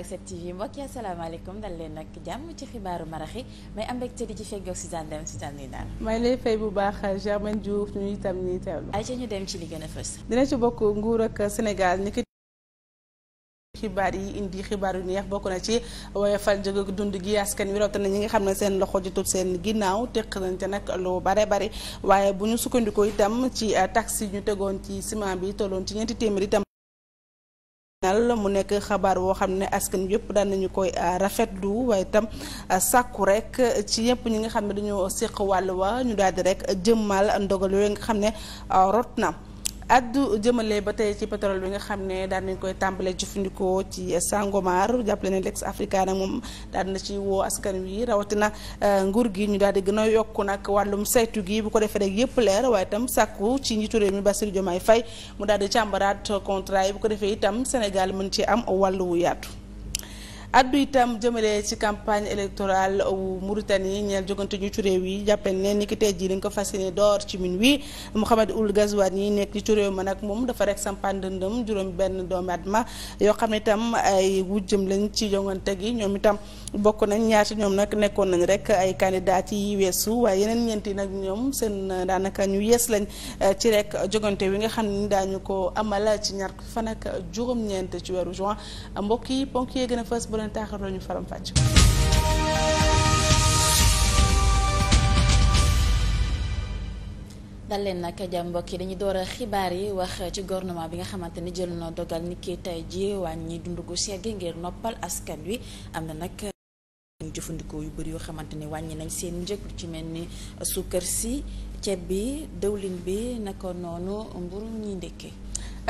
ak 7TV mbokk yi asalaamaaleykum dal leen nag jàmm ci xibaaru maraxi may am mbégte di ci feggoog Suzanne Deme Suzanne nii daal may lay fay bu baax Germaine Diouf ñu itam nii teewlu ay dem ci li gën a fës dina ci bokk nguur ak Sénégal ni xibaar yi indi xibaar yu neex bokk na ci woyofal jóge dund gi askan wi na ñi nga xam ne seen loxo jotut seen ginnaaw teq nañ te nag lu bare bare waaye bu ñu sukkandikoo itam ci taxi ñu tegoon ci ciment bi tolloon ci ñeenti téeméer nal mu nekk xabaar woo xam ne askan yëpp daan nañu koy rafet euh, rafetlu waaye itam euh, sàkku rek ci ñëpp ñi nga xam ne dañoo séq wàll wa ñu daal di rek jëmmal ndogal yooyu nga xam ne euh, rot na addu jëmale ba tey ci pétrole bi nga xam ne daan nañ koy tàmbale jëfandikoo ci eh, Sangomar jàppale ne Lex Africa moom daan na ci woo askan wi rawatina eh, nguur gi ñu daal di gën a yokku nag wàllum saytu gi bu ko defee rek yëpp leer waaye itam sàkku ci njiitu réew mi Bassirou Diomaye fay mu daal di càmbaraat contrat yi bu ko defee itam Sénégal mën ci am wàllu wu yaatu. addu itam jëmale ci campagne électorale wu Mauritanie ñeel jogante ñu ci réew yi jàppee ne ni ki tey jii dañ ko fas yéene door ci min wi Mouhamed Ould Ghazouani nekk li ci réew ma nag moom dafa rek sampaan ndëndëm juróom benn doomu aadama yoo xam ne itam ay wujjëm lañ ci jongante gi ñoom itam bokk nañ ñaar ci ñoom nag nekkoon nañu rek ay candidat yi weesu waaye yeneen ñeent yi nag ñoom seen daanaka ñu yees lañ eh, ci rek jogante wi nga xam daa ñu ko amal ci ñaar fan ak juróom-ñeent ci weeru juin mbokk ponk yi gën a fës leen taaxirloo ñu mbokk yi dañuy door a xibaar yi wax ci gouvernement bi nga xamante ni jël na dogal ni ki tey ji wàññi dund gu segg ngir noppal askan wi am na nag ñu jëfandikoo yu bëri yoo xamante ni wàññi nañ seen njëkk ci mel ni suukar si ceeb bi dëwlin bi naka noonu mburu ñuy ndekkee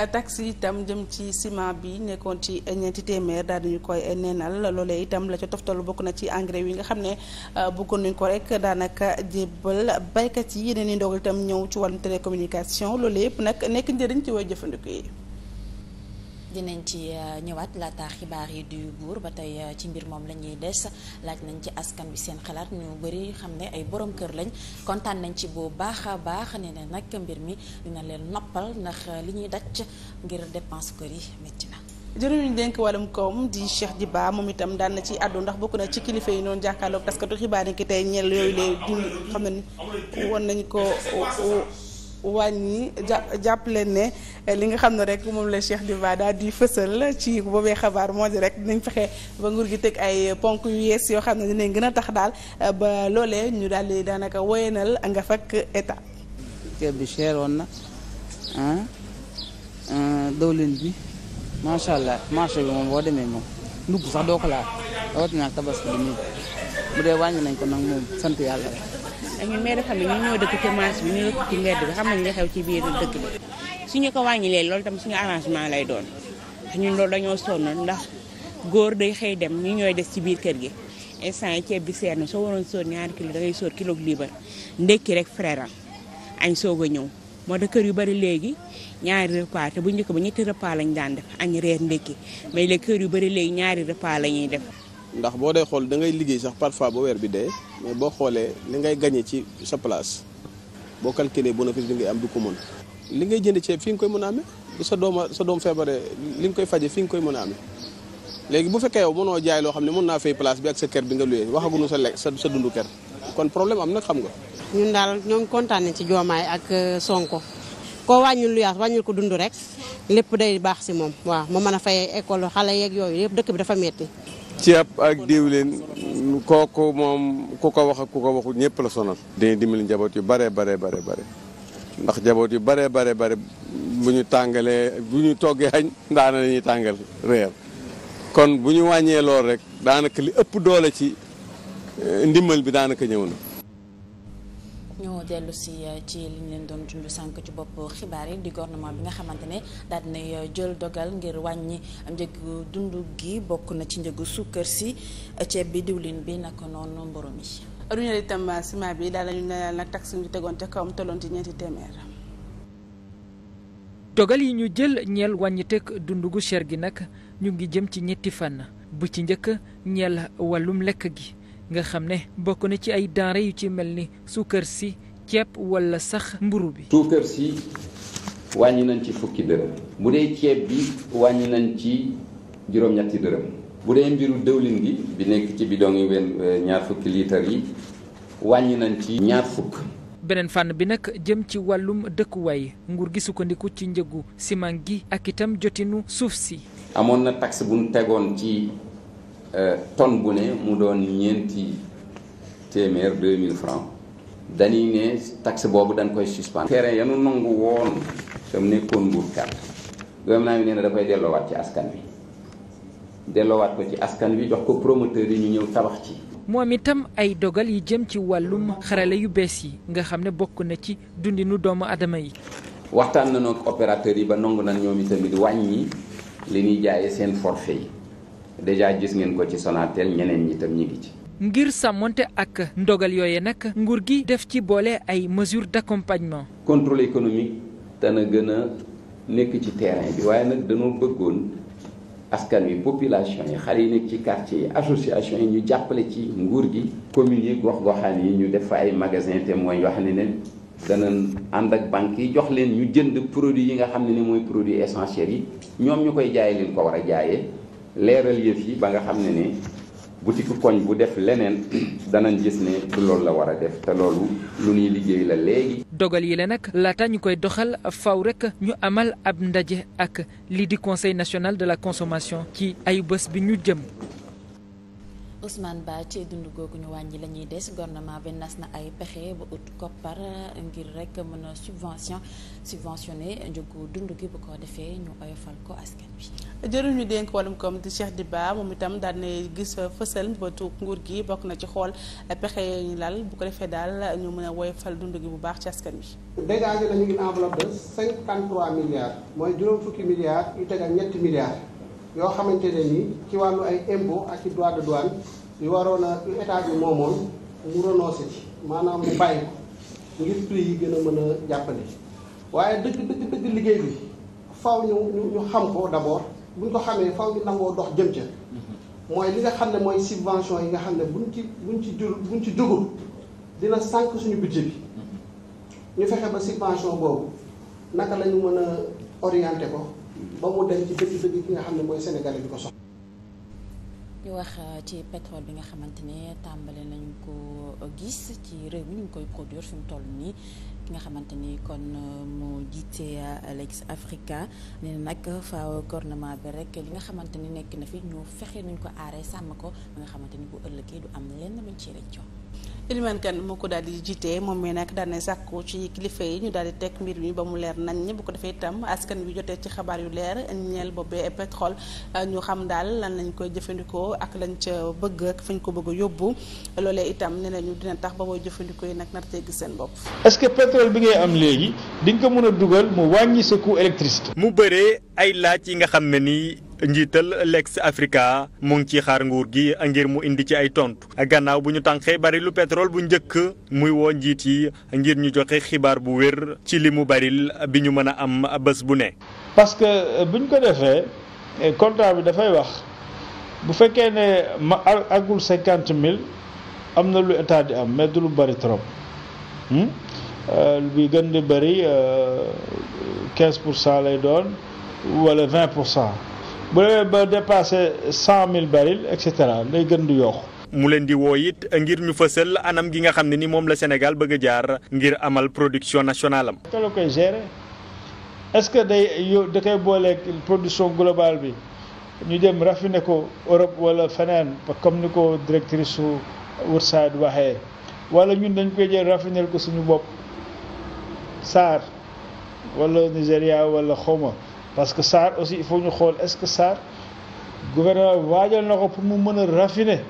taxe itam jëm ci ciment bi nekkoon ci ñeenti téeméer daal dañu koy neenal loolee itam la ca toftal bokk na ci engrais yi nga xam ne euh, bëggoon nañ ko rek daanaka jébbal baykat yi yeneen yi ndogal itam ñëw ci wàllum télécommunication loolu yëpp nag nekk njëriñ ci way jëfandiku yi dinañ ci euh, ñëwaat laata xibaar yi du buur ba tey euh, ci mbir moom la ñuy des laaj nañ ci askan bi seen xalaat ñu bëri xam ne ay borom kër lañ kontaan nañ ci bu baax a baax ne ne nag mbir mi dina leen noppal ndax euh, li ñuy daj ngir dépense kër yi métti na. jëriñu dénk wàllum koom di Cheikh Diba moom itam daan na ci àddu ndax bokk na ci kilifa yi noonu jàkkaarloog taskatu xibaar yi ki tey ñel yooyu lee dund xam ne woon nañ ko. wàññi jàpp leen ne eh, li nga xam ne rek moom la Cheikh Diba daal di fësal ci boobee xabaar moo di rek nañ fexe ba nguur gi teg ay ponk yu yees yoo xam ne dinañ gën a tax daal eh, ba loolee ñu daal di daanaka woyanal nga fakk état. ceeb bi cher woon na ah, ah, dawlin bi macha allah marché bi moom boo demee moom ndugg sax doo ko laal rawatina ak tabaski nii bu dee wàññi nañ ko nag moom sant yàlla la. ak ñu mère de famille ñu ñoo dëkk ci marché bi ñu dëkk bi xam nañ xew ci biir dëkk bi suñu ko wàññi loolu tam suñu arrangement lay doon ndax ñun loolu dañoo sonn ndax góor day xëy dem ñu ñooy des ci biir kër gi instant yi ceeb bi seer na soo waroon sóor ñaari kilo da ngay sóor kilo liibar ndekki rek frère añ soog a ñëw moo tax kër yu bari léegi ñaari repas te bu njëkk ba ñetti repas lañ daan def añ reer ndekki mais léegi kër yu bari léegi ñaari repas la ñuy def ndax boo dee xool dangay liggéey sax parfois ba weer bi dee mais boo xoolee li ngay gagné ci sa place boo calculer bénéfice bi ngay am du ko mën li ngay jënd ceeb fi nga koy mën a amee sa dooma sa doom feebaree li nga koy faje fi nga koy mën a amee léegi bu fekkee yow mënoo jaay loo xam ne mën naa fay place bi ak sa kër nga luyee waxaguñu sa lekk sa dundu kër kon am nag xam nga ñun daal ñoo ngi kontaan ci Diomaye ak euh, Sonko koo wàññul luyaas wàññul ko dund rek lépp day baax si moom waaw mu mën a fay école xale yeeg yooyu yëpp dëkk bi dafa metti ceeb ak diwlin kooku moom ku ko wax ak ku ko waxul ñëpp la sonal. dañuy dimbali njaboot yu bare bare bare bare ndax njaboot yu bare bare bare bu ñu tàngalee bu ñu toggee añ daana la ñuy tàngal réer kon bu ñu wàññee lool rek daanaka li ëpp doole ci eh, ndimbal bi daanaka ñëw na. ñoo dellu si euh, ci li leen doon junj sànk ci bopp xibaar yi di gouvernement bi nga xamante ne daal dinay euh, jël dogal ngir wàññi njëgu dund gi bokk na ci njëgu suukar si euh, ceeb bi diwlin bi naka noonu mburu mi. ruñal itam ciment bi daal lañu ne nag taxe ñu tegoon te kawam tolloon ci ñeenti téeméer. dogal yi ñu jël ñeel wàññi dund gu cher gi nag ñu ngi jëm ci ñetti fànn bu ci njëkk ñeel wàllum lekk gi. nga xam ne bokk na ci ay denrées yu ci mel ni suukar si ceeb walla sax mburu bi. suukar si wàññi nañ ci fukki dërëm. bu dee ceeb bi wàññi nañ ci juróom bu dee mbiru dëwlin bi bi nekk ci bidon yi wen euh, ñaar fukki liitar yi wàññi nañ ci ñaar fukk. beneen fànn bi nag jëm ci wàllum dëkkuwaay nguur gi sukkandiku ci njëgu siman gi ak itam jotinu suuf si. amoon na taxe bu tegoon ci. Euh, tonne bu ne mu doon ñeenti téeméer deux mille francs dañuy ne taxe boobu dañ koy suspendre. terrain yanu nangu woon sam nekkoon nguurkat gouvernement bi nee na da koy delloowaat ci askan bi dellowaat ko ci askan bi jox ko promoteur yi ñu ñëw tabax ci moom itam ay dogal yi jëm ci wàllum xarale yu bees yi nga xam ne bokk na ci dundinu doomu adama yi waxtaan nañu ak opérateur yi ba nangu na ñoom itamit wàññi li ñuy jaaye seen forfait yi déjà gis ngeen ko ci Sonatel ñeneen ñi tam ñi ngi ci. ngir sàmmonte ak ndogal yooye nag nguur gi def ci boole ay mesures d'accompagnement. contrôle économique dana gën a nekk ci terrain bi waaye nag danoo bëggoon askan wi population yi xale yi nekk ci quartier yi association yi ñu jàppale ci nguur gi. communes yi gox-goxaan yi ñu def ay magasins témoins yoo xam ne ne dana ànd ak banques yi jox leen ñu jënd produits yi nga xam ne ne mooy produit essentiels yi ñoom ñu koy jaay leen ko war a jaayee. leeral yëf yi ba nga xam ne ni butiku koñ bu def leneen danañ gis ne du loolu la war a def te loolu lu ñuy liggéey la léegi. dogal yi la nag laata ñu koy doxal faw rek ñu amal ab ndaje ak lii di conseil nationale de la consommation ci ay bés bi ñu jëm. Ousmane baa ci dund googu ñu wàññi la ñuy des gouvernement bi nas na ay pexe ba ut koppar eh, ngir rek mën a subvention subventionné njëgu dund gi bu ko defee ñu oyofal ko askan bi jëriñ ñu dénk wàllum koom di Cheikh baa moom itam daan na gis fësal bëtu nguur gi bokk na ci xool pexe yi lal bu ko defee daal ñu mën a woyofal dund gi bu baax ci askan bi dégagé nañu une enveloppe de cinquante trois milliards mooy juróom fukki milliards yu teg ak ñetti milliards yoo xamante ne nii ci wàllu ay impôt ak ci droit de douane yu waroon a yu yi bi moomoon mu renoncé ci maanaam mu bàyyi ko ngir prix yi gën a mën a jàppale waaye dëgg dëgg dëgg liggéey bi faw ñu ñu xam ko d'abord buñ ko xamee faw ñu nangoo dox jëm ca mooy li nga xam ne mooy subvention yi nga xam ne buñ ci buñ ci jur buñ ci jógul dina sànq suñu budget bi ñu fexe ba subvention boobu naka lañu mën a orienté ko ba mu dem ci dëgg ki nga xam ne mooy sénégalais bi ko soxla. ñu wax euh, ci pétrole bi nga xamante ne tàmbale nañu ko gis ci réew mi ñu koy produire fi mu toll nii ki nga xamante ni kon euh, moo jiite Alex euh, Africa nee na nag faaw gouvernement bi rek li nga xamante ni nekk na fi ñu fexe nañ ko aaree sàmm ko ba nga xamante ni bu ëllëgee du am lenn luñ ci rëccoo. Elimane Kane moo ko daal di jiite moom mi nag na sàkku ci kilifa yi ñu daal di teg mbir mi ba mu leer nañ bu ko defee itam askan bi jotee ci xabaar yu leer ñeel boobee pétrole ñu xam daal lan lañ koy jëfandikoo ak lañ ca bëgg ak fañ ko bëgg a yóbbu loolee itam nee ñu dina tax ba booy jëfandikoo yi nag nar tee seen bopp. est-ce que pétrole bi ngay am léegi di nga ko mën a dugal mu wàññi sa coût électricité. mu bëree ay laaj yi nga xam ne nii njiital Legs Africa mu ngi ci xaar nguur gi ngir mu indi ci ay tontu gannaaw bu ñu tànqee lu petrole bu njëkk muy woo njiit yi ngir ñu joxe xibaar bu wér ci li mu baril bi ñu mën a am bés bu ne. parce que euh, buñ ko defee euh, contrat bi dafay wax bu fekkee ne ma agul cinquante mille am na lu état di am mais lu bari trop. bi hmm? euh, gën di bëri quinze pour cent lay doon wala vingt pour cent bu demee ba dépassé cent mille baril et cetera day gën di yokku. mu leen di woo it ngir ñu fësal anam gi nga xam ne ni moom la Sénégal bëgg jaar ngir amal production nationale am. te la koy gérer est-ce que day yow da booleeg production global bi. ñu dem raffiné ko Europe wala feneen comme ni ko directrice su Wursaad waxee wala ñun dañ koy jël raffiné ko suñu bopp Saar wala Nigéria wala xawma parce que SAR aussi il faut ñu xool est-ce que SAR gouvernement bi waajal na ko pour mu mën a raffiner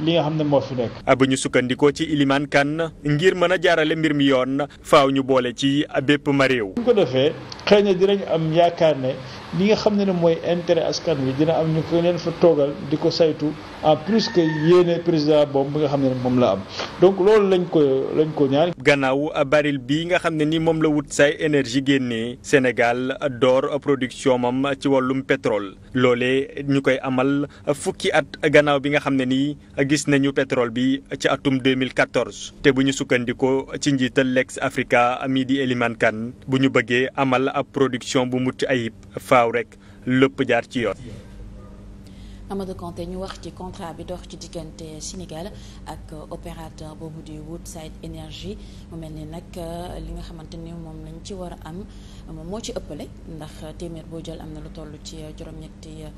li nga xam ne moo fi nekk. Ah, bu ñu sukkandikoo ci Iliman Kane ngir mën a jaarale mbir mi yoon faaw ñu boole ci bépp ma réew. bu ko defee. xëy na dinañ am yaakaar ne li nga xam ne ne mooy intérêt askan wi dina am ñu ko leen fa toogal di ko saytu en plus que yéene président boobu bi nga xam ne moom la am donc loolu lañ ko lañ ko ñaan. gannaaw baril bi nga xam ne ni moom la wut say énergie génnee Sénégal door production moom ci wàllum pétrole loole ñu koy amal fukki at gannaaw bi nga xam ne nii gis nañu pétrole bi ci atum 2014 te bu ñu sukkandikoo ci njiital Legs Africa mi di Eliman Kane bu ñu bëggee amal. ab production bu mucc ayib faaw rekk lépp jaar ci yoon. Amadou Kanté ñu wax ci contrat bi dox ci diggante Sénégal ak opérateur boobu di Woodside Energy mu mel ni nag euh, li nga xamante ni moom lañ ci war a am moom moo ci ëppale ndax téeméer boo jël am na lu toll ci euh, juróom-ñetti. Euh,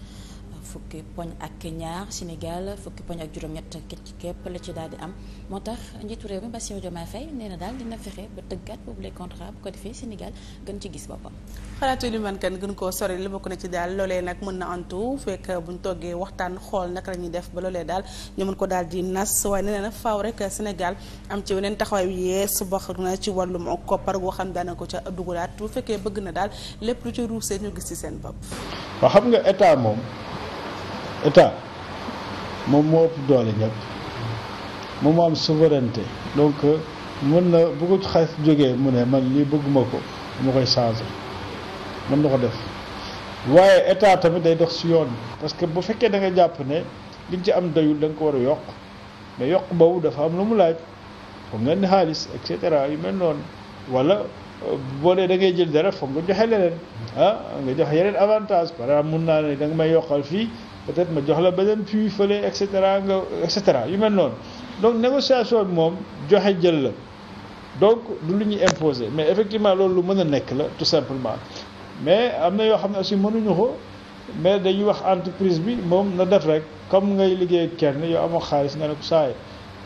fukki poñ ak ñaar Sénégal fukki poñ ak juróom-ñett ci képp la ci daal di am moo tax njiitu réew mi Bassirou Diomaye Faye nee na daal dina fexe ba tëggaat boobu les contrats bu gën ci gis boppam. xalaatu li man kan gën koo sori li bokk na ci daal loolee nag mën na antu fekk buñ toggee waxtaan xool naka la ñuy def ba loolee daal ñu mën ko daal di nas waaye nee na faaw rek Sénégal am ci weneen taxawaay yu yees bokk na ci wàllum koppar goo xam daana ko ca dugalaat bu fekkee bëgg na daal lépp lu ci ruusee ñu gis ci seen bopp. nga état moom état moom moo ëpp doole ñëpp moom moo am souveraineté donc euh, mën na bu ko xaalis jógee mu ne man lii bëgguma ko ma koy changé mën na ko def waaye état tamit day dox si yoon parce que bu fekkee da jàpp ne li nga ci am doyul da ko war a yokk mais yokk boobu dafa am lu mu laaj foog nga ni xaalis et cetera yu mel noonu wala euh, boo dee da ngay jël dara foog nga joxe leneen ah nga jox yeneen avantage par exemple mun naa ne da nga may yokkal fii peut-être ma jox la beneen puits fële et cetera nga et yu mel noonu donc négociation bi moom joxe jël la donc du lu ñuy imposer mais effectivement loolu lu mën a nekk la tout simplement mais am na yoo xam ne aussi mënuñu ko mais dañuy wax entreprise bi moom na def rek comme ngay liggéey kenn yow amoo xaalis nga ne ko saa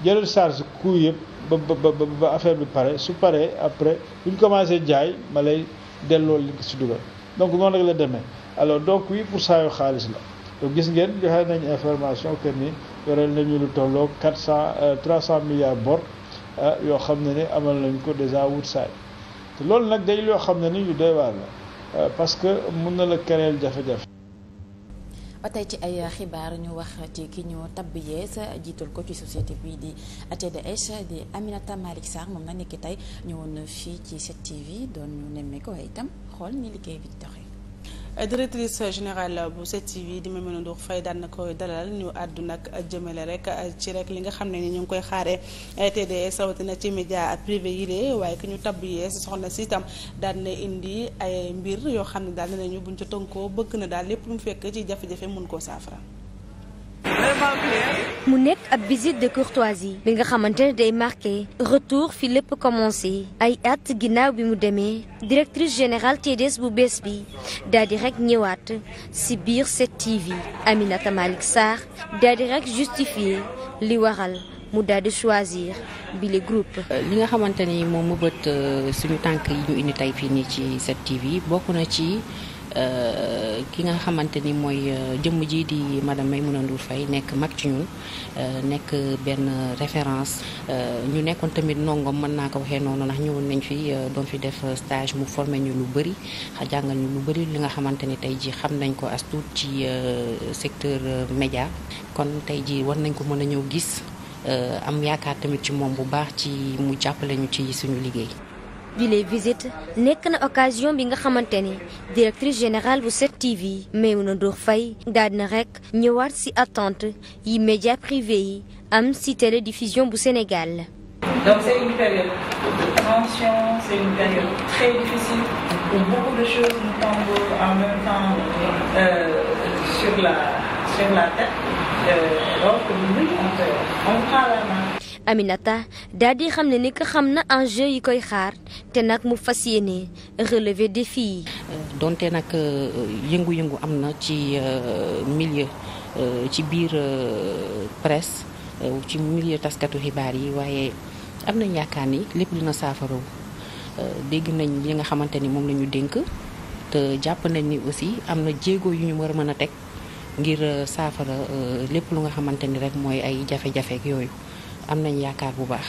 jëlal charge coût yëpp ba ba ba affaire bi pare su paree après lu ñu commencé jaay ma lay delloo li si dugal donc noonu rek la demee alors donc oui xaalis la. to gis ngeen joxe nañ information que ni yoreel nañu lu tolloo quatre cent euh, trois cent milliards bor euh, yoo xam ne ni amal nañ ko déjà Woodside te loolu nag day loo xam ne ni yu doy waar euh, parce que mun na la kereel jafe-jafe. ba tey ci ay xibaar ñu wax ci ki ñu tabb sa jiital ko ci société bii di TDS di Aminata Malick Sarr moom na nekk tey ñëwoon fii ci set tv doon ñu nemmee ko itam xool ni liggéey bi di doxee. Euh, directrice générale bu 7TV di Mimi Ndour Faye daan na koy dalal ñu àddu a jëmale rek euh, ci rek li nga xam ne ni ñu ngi koy xaaree euh, TDS rawatina ci média privé yi de waaye ki ñu tabb yees soxna si itam daan na indi ay mbir yoo xam ne daal ne ñu buñ ci tënkoo bëgg na daal lépp lu mu fekk ci jafe-jafe mun koo saafara. mu nekk ab visite de courtoisie bi nga xamante ne day marqué retour fi lépp commencé ay at ginnaaw bi mu demee directrice général TDS bu bees bi daal di rek ñëwaat si biir 7TV Aminata Malick Sarr daal di rek justifier li waral mu daal di choisir bi le groupe. Euh, li nga xamante ni moom mëbët euh, suñu tànk yi ñu indi tey fii nii ci 7TV bokk na ci. ki nga xamante ni mooy euh, jëmm jii di madame Maimouna Ndour Faye nekk mag ci ñun euh, nekk benn référence euh, ñu nekkoon tamit ndongoom mën naa ko waxee noonu ndax ñëwoon nañ fi doon fi def stage mu formé ñu lu bëri jàngal ñu lu bëri li nga xamante ni tey ji xam nañ ko as tuut ci secteur média kon tey ji war nañ ko mën a ñëw gis am yaakaar tamit ci moom bu baax ci mu jàppale ñu ci suñu liggéey bi les visite nekk na occasion bi nga xamante ni directrice générale bu 7TV Maïmouna Ndour Faye daal na rek ñëwaat ci attente yi média privé yi am ci télédiffusion bu Sénégal. donc c'est une période de très difficile où beaucoup Aminata daal di xam ne ni ko xam na enjeu yi koy xaar te nag mu fas yéene relever défi yi. donte nag euh, yëngu-yëngu am na ci euh, milieu euh, ci biir presse ci milieu taskatu xibaar yi waaye am nañ yaakaar ni lépp dina saafaraw dégg nañ li nga xamante ni moom lañu dénk te jàpp nañ ni aussi am na jéego yu ñu war a mën a teg. ngir saafara lépp lu nga xamante ni rek mooy ay jafe-jafe yooyu am nañ yaakaar bu baax.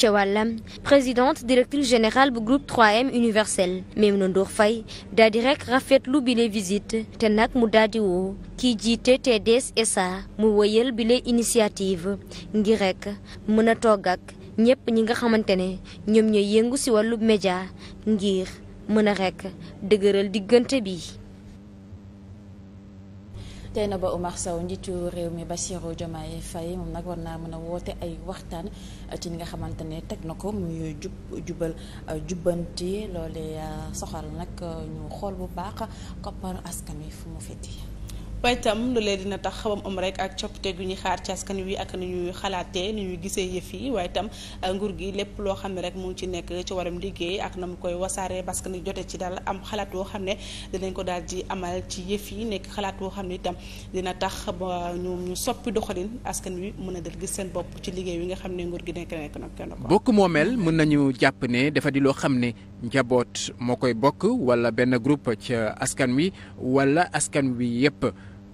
ca wàllam présidente directrice générale bu groupe 3M universel Maïmouna Ndour Faye daal di rek rafetlu bile visite te nag mu daal di woo kii jiite TDS SA mu wëyal bile initiative ngir rek mën a togg ak ñëpp ñi nga xamante ne ñoom ñooy yëngu ci wàllu média ngir mën a rek dëgëral diggante bi. tey na ba Omar Sow njiitu réew mi ba Bassirou Diomaye fay moom nag war naa mën a woote ay waxtaan ci li nga xamante ne teg na ko muy jub jubal jubbanti loole soxal nag ñu xool bu baax koppar askan wi fu mu feti waaye itam loolee dina tax xawam am rek ak coppite gu ñu xaar ci askan wi ak ni ñuy xalaatee ni ñuy gisee yëf yi waaye tam euh, nguur gi lépp loo xam ne rek mu ngi ci nekk ci waram liggéey ak na mu koy wasaare parce que ni jote ci daal am xalaat woo xam ne dinañ ko daal di amal ci yëf yi nekk xalaat woo xam ne itam dina tax ba ñoom ñu soppi doxalin askan wi mën a dal gis seen bopp ci liggéey wi nga xam ne nguur gi nekk nekk na kenn ko bokk moomeel mën nañu jàpp ne dafa loo xam ne njaboot moo koy bokk wala benn groupe ca askan wi wala askan wi yépp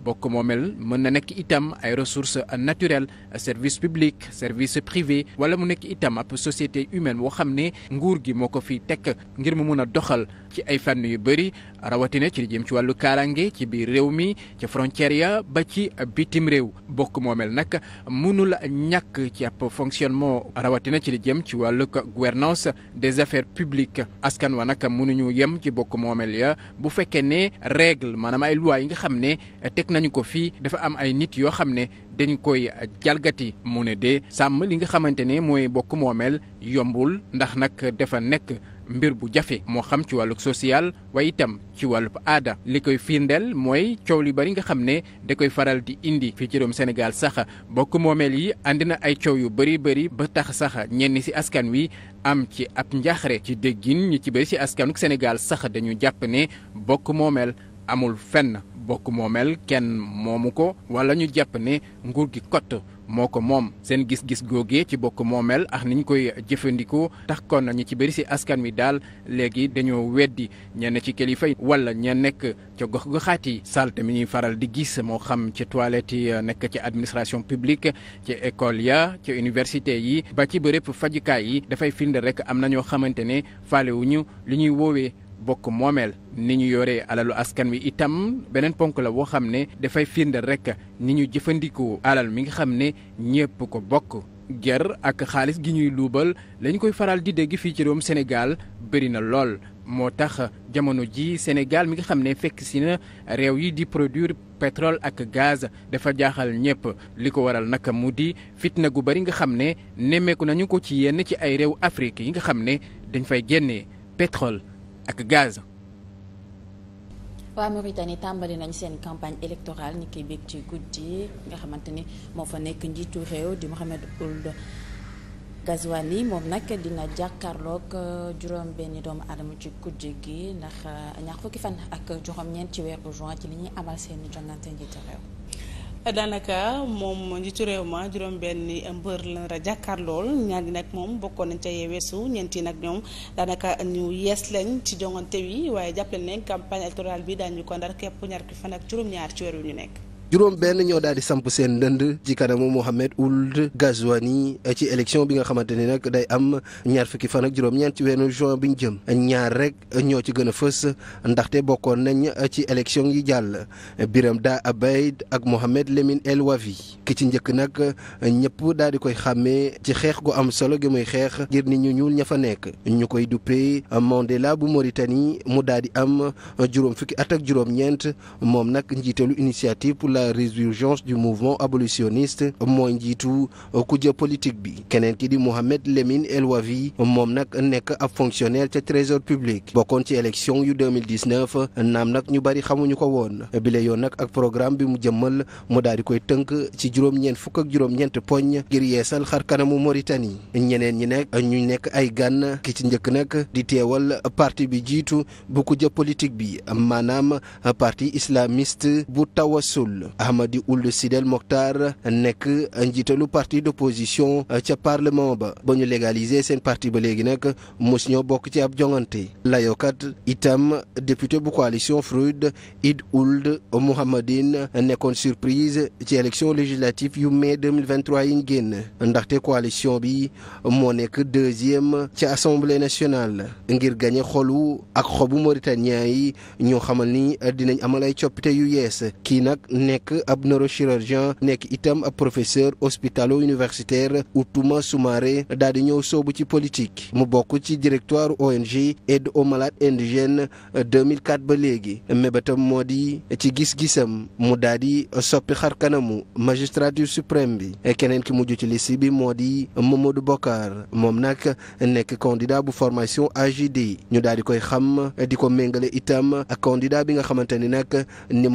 bokk moomeel mën na nekk itam ay ressources naturelles service public service privé wala mu nekk itam ab société humaine boo xam ne nguur gi moo ko fi tekk ngir mu mun a doxal ci ay fànn yu bëri rawatina ci li jëm ci wàllu kaaraange ci biir réew mi ca frontière ya ba ci bitim réew bokk moomeel nag mënul ñàkk ci ab fonctionnement rawatina ci li jëm ci wàllu gouvernance des affaires publiques askan wa nag mënuñu yem ci bokk moomel ya bu fekkee ne règle maanaam ay loi yi nga xam ne teg nañu ko fii dafa am ay nit yoo xam ne dañ koy jalgati mu ne de sàmm li nga xamante ne mooy bokk moomeel yombul ndax nag dafa nekk mbir bu jafe moo xam ci wàllug social wa itam ci wàllub aada li koy firndeel mooy coow li bari nga xam ne da koy faral di indi fii ci réewum Sénégal sax bokk moomeel yi andi na ay coow yu bari bari ba tax sax ñenn ci askan wi am ci ab njaaxare ci déggin ñi ci bari ci askanuk Sénégal sax dañu jàpp ne bokk moomeel amul fenn bokk moomeel kenn moomu ko wala ñu jàpp ne nguur gi kott moo ko moom seen gis-gis googee ci bokk moomeel ak niñ koy jëfandikoo tax kon ñi ci bëri si askan wi daal léegi dañoo weddi ñenn ci kilifa yi wala ña nekk ca gox goxaat yi salte mi ñuy faral di gis moo xam ca toilette yi euh, nekk ci administration publique ci école ya ci université yi ba ci bërëb fajukaay yi dafay firnde rek am na ñoo xamante ne faale wu ñu li ñuy woowee bokk moomeel ni ñu yoree alalu askan wi itam beneen ponk la boo xam ne dafay firndeel rek ni ñu jëfandikoo alal mi nga xam ne ñépp ko bokk ger ak xaalis gi ñuy luubal lañ koy faral di dégg fii ci réewum Sénégal bari na lool moo tax jamono ji Sénégal mi nga xam ne fekk si na réew yi di produire pétrole ak gaz dafa jaaxal ñëpp li ko waral naka mu di fitna gu bëri nga xam ne nemmeeku nañu ko ci yenn ci ay réew Afrique yi nga xam ne dañ fay génnee pétrole ak gaz. waa Mauritanie tàmbali nañ seen campagne électorale ni koy bég ci guddi nga xamante ni moo fa nekk njiitu réew di Mohamed Ould Ghazouani moom nag dina jàkkaarloog euh, juróom benni doomu aadama ci guddi gi ndax euh, ñaar fukki fan ak juróom-ñeent ci weeru juin ci li ñuy amal seen jongante njiitu réew daanaka moom njiitu réew ma juróom-benni mbër la ra jàkkaar lool ñaar ñi nag moom bokkoon nañ ca yee weesu yi nag ñoom daanaka ñu yees lañ ci jongante wi waaye jàppale ne campagne électorale bi daañu ko ndar képp ñaar ki fan ak juróom-ñaar ci weer wi ñu nekk. juróom benn ñoo daal di samp seen ndënd ci kanamu Mohamed Ould Ghazouani eh, ci élection bi nga xamante ni nag day am ñaar fukki fan ak juróom-ñeent ci weeru juin bi ñu jëm ñaar rek ñoo ci gën a fës ndaxte bokkoon nañ eh, ci élection yi jàll Biram Da Abeid ak Mohamed lemin El Wafi ki ci njëkk nag eh, ñëpp daal di koy xàmmee ci xeex gu am solo gi muy xeex ngir nit ñu ñuul ña fa nekk ñu koy duppee Mandela bu Mauritanie mu daal di am juróom fukki at ak juróom-ñeent moom nag njiitalu initiative pour la résurgence du mouvement abolitionniste mooy njiitu euh, kujje politique bi keneen ki di Mohamed Lemine El Wavi moom nag nekk ab fonctionnaire ca trésor public bokkoon ci élection yu 2019 naam nag ñu bari xamuñu ko woon bile yoon nag ak programme bi mu jëmmal mu daal di koy tënk ci juróom-ñeent fukk ak juróom-ñeent poñ ngir yeesal xar kanamu Mauritanie ñeneen ñi nekk ñu nekk ay gan ki ci njëkk nag di teewal parti bi jiitu bu kujje politique bi maanaam parti islamiste bu Tawassul Ahmadi Ould Sidel Mokhtar nekk njiitalu parti d'opposition euh, ca parlement ba ba ñu légaliser seen parti ba léegi nag mos ñoo bokk ci ab jongante layookat itam député bu coalition Fruid Id Ould Mouhamadine nekkoon surprise ci élection législative yu mai 2023 yi ñu génn ndaxte coalition bi moo nekk deuxième ci assemblée nationale ngir gañe xolu ak xobu mauritanien yi ñoo xamal ni dinañ amal ay coppite yu yees kii nag nekk ab neurochirurgien nekk itam ab professeur hospitalo universitaire Outouma Soumaré daal di ñëw soobu ci politique mu bokk ci directoire ONG aide aux malades indigènes ba léegi mébétam moo di ci gis-gisam mu daal di soppi xar kanamu magistrature suprême bi keneen ki mujj ci liste bi moo di Mamadou Bokar moom nag nekk candidat bu formation AJD ñu daal koy xam di ko méngale itam ak candidat bi nga xamante ni nag ni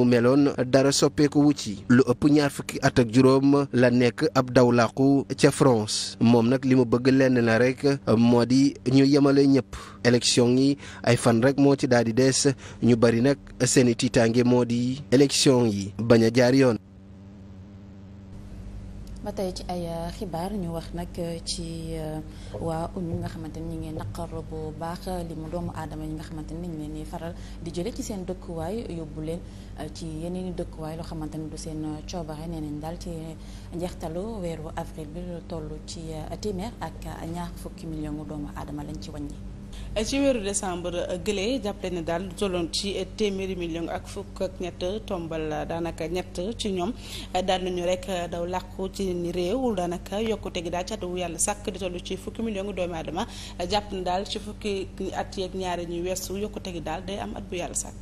dara soppeeku ko wucci lu ëpp ñaar fukki at ak juróom la nekk ab dawlaqu ca France moom nag li mu bëgg lenn la rek moo di ñu yemale ñëpp élection yi ay fan rek moo ci daal di des ñu bari nag seeni tiitaange moo di élection yi bañ a jaar yoon ba tey ci ay euh, xibaar ñu wax nag euh, ci euh, waa ñu nga xamante ni ñu ngi naqarlu bu baax li mu doomu aadama yi nga xamante ni ñu leen di faral di jële ci seen dëkkuwaay yóbbu leen ci yeneen i dëkkuwaay loo xamante ni du seen coobare nee nañ daal ci njeextalu weeru avril bi lu toll ci téeméer ak ñaax fukki mu doomu aadama lañ ci wañ wàññi. ci weeru décembre euh, gële jàppale ne daal lu tolloon ci euh, téeméeri million ak fukk ak ñett tombal euh, daanaka ñett ci ñoom daal nañu rek daw làqu ci ni réew daanaka yokkute gi daal ci at wu yàlla sàkk di ci fukki million doomu jàpp ne daal ci fukki at yeeg ñaari ñuy weesu yokkute gi daal day am at bu yàlla sàkk.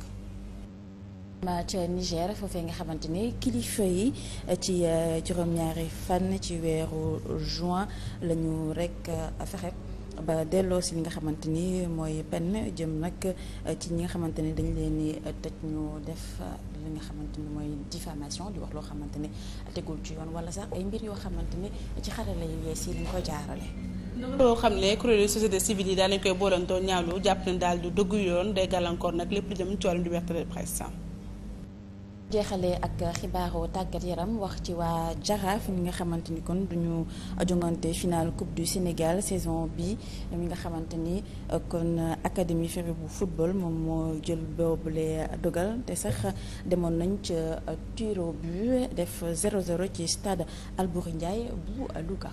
ma ca Niger foofee nga xamante ni kilifa yi ci juróom-ñaari fan ci weeru juin lañu rek fexe. ba delloo si li nga xamante ni mooy penn jëm nag eh, ci ñi nga xamante ni dañ leen di eh, tëj ñu def eh, li nga xamante ni mooy diffamation di wax loo xamante ni tegul ci yoon wala sax ay mbir yoo xamante ni ci xarala yu yees yi dañ koy jaarale. loo xam ne kuréelu société civile yi daal lañ koy boolantoo ñaawlu jàpp ne daal du dëggu yoon day gàllankoor nag lépp lu jëm ci wàllum liberté de presse jeexalee ak xibaaru tàggat yaram wax ci waa jaraaf ñi nga xamante ni kon duñu jongante final coupe du Sénégal saison bi mi nga xamante ni euh, kon académie Ferry bu football moom moo jël boobule dogal te sax demoon nañ ca euh, tiro bu def 0-0 ci stade Albouri Ndiaye bu Louga.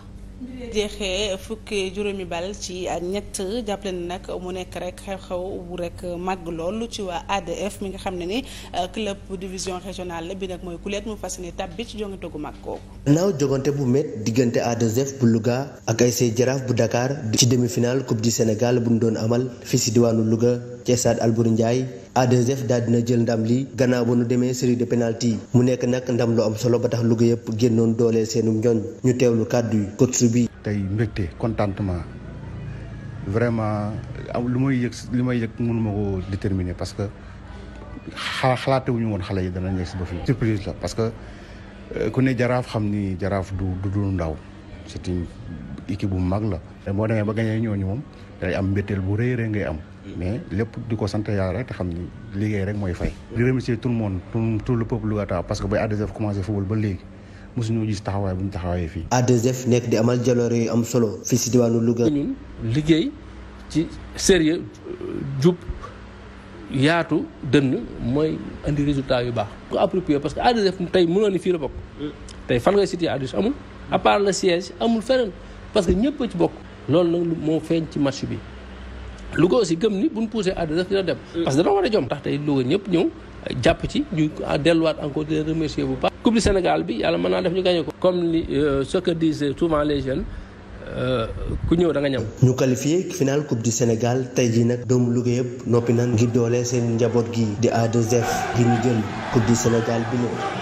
jeexee fukki juróomi bal ci ñett jàppale na nag mu nekk rek xew-xew bu rek màgg lool ci waa ADF mi nga xam ne ni euh, club division régionale bi nag mooy kuleet mu fas ne tab bi ci jongante gu mag kooku. naaw jogante bu met diggante ADF bu luga ak ASC Jaraaf bu Dakar ci demi final coupe du Sénégal bu ñu doon amal fii si diwaanu Louga. ci stade Albouri Ndiaye a 2 dina jël ndam li gannaaw ba nu demee série de penalty mu nekk nag ndam lu am solo ba tax Louga yëpp génnoon dooleel seenu njoñ ñu teew lu kàddu yi coach bi. tey mbégte contentement vraiment lu may yëg li may yëg mënuma ko déterminer parce que xalaatewuñu woon xale yi dana nekk ba fii. surprise la parce que euh, ku ne jaraaf xam ni jaraaf du du ndaw c'est une bu mag la. boo demee ba gagné ñooñu moom day am mbetteel bu rëy rëy ngay am. mais lépp di ko sant yàlla rek te xam ni liggéey rek mooy fay. di remercier tout le monde tout tout le peuple Lougata parce que bay ADSF commencé football ba léegi. mosuñu gis taxawaay bu ñu taxawaayee fii. A2F nekk di amal jaloore yu am solo fii si diwaanu Louga. ñun liggéey ci sérieux jub yaatu dënn mooy andi résultat yu baax. ko approprié parce que A2F tey mënoon ni fii la bokk. tey fan ngay cité a amul. à part le amul feneen parce que ñëpp a ci bokk. loolu bi. Louga aussi gëm ni buñ poussé à def dina dem euh. parce que dana war a jom tax tey Louga ñëpp ñëw euh, jàpp ci ñu euh, delluwaat encore di leen remercier bu baax coupe du Sénégal bi yàlla mën naa def ñu gagné ko comme ni ce que disent les jeunes ku ñëw da nga ñam ñu qualifié final coupe Sénégal tey jii nag doomu Louga yëpp noppi naan ngir doolee seen njaboot gi di A2F ngir ñu jël coupe du Sénégal bi la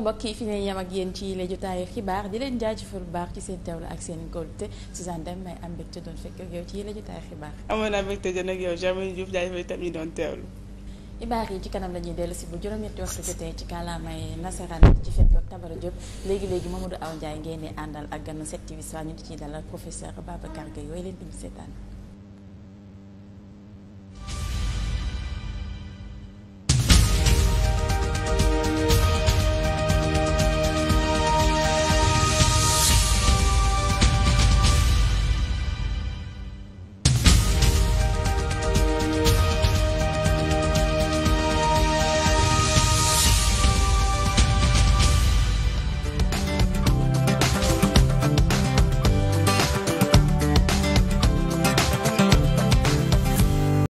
kon mbokk yi fi ne yem ak yéen ci la jotaayu xibaar di leen jaajëfal bu baax ci seen teewlu ak seen kóolute Suzanne Deme may am mbégte doon fekk yow ci la jotaayu xibaar. amoon naa mbégte jën ak yow Jamil Diouf jaajëfal itam ñu doon teewlu. xibaar yi ci kanam la ñuy dellu si bu juróom-ñetti waxtu jotee ci kàllaamay nasaraan di ci fekk Tabara Diop léegi léegi Mamadou Aw Ndiaye ngeen di àndal ak gan 7TV ñu di ciy dalal professeur Babacar yooyu leen di ñu